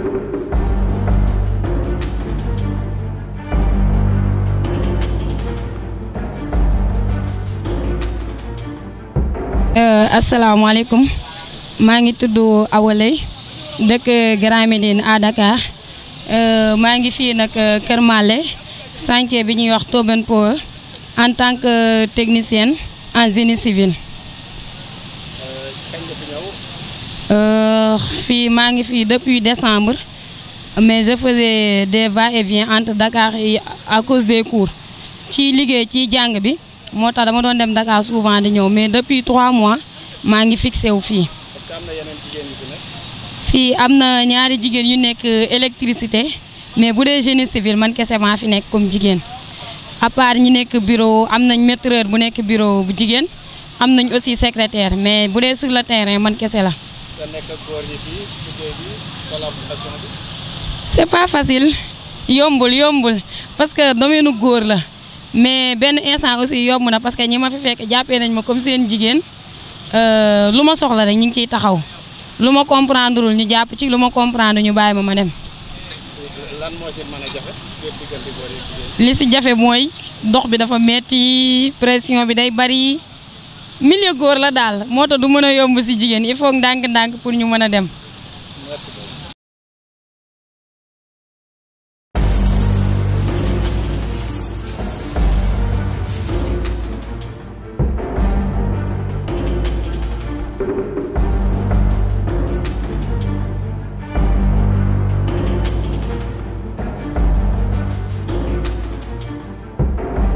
Euh, asalaamaaleykum maa ngi tudd Awa dëkk Grand Médine à Dakar euh, maa ngi fii nag euh, Kër Malle chantier bi ñuy wax Tobane Power en tant que technicienne en génie civil. Euh, fii maa ngi fii depuis décembre mais je faisais des va-et-vient entre Dakar et à cause des cours ci liggéey ci jàng bi moo tax dama doon dem Dakar souvent di ñëw mais depuis trois mois maa ngi fixé wu fii. fii am na ñaari jigéen yu nekk électricité mais bu dee génie civil man kese maa fi nekk comme jigéen à part ñi nekk bureau am nañ maîtreur bu nekk bureau bu jigéen am nañ aussi secrétaire mais bu dee sur le terrain man kese la. nga nekk c'est pas facile yombul yombul parce que domaine góor la mais benn instant aussi yomb na parce que ñi ma fi fekk jàppee nañ ma comme seen jigéen euh, lu ma soxla rek ñu ngi ciy taxaw lu ma comprendre ñu jàpp ci lu ma comprendre ñu bàyyi ma ma dem. si jafe li si jafe mooy dox bi dafa metti pression bi day bari. milieu góor la daal moo tax du mën a yomb si jigéen il faut ndànk-ndànk pour ñu mën a dem.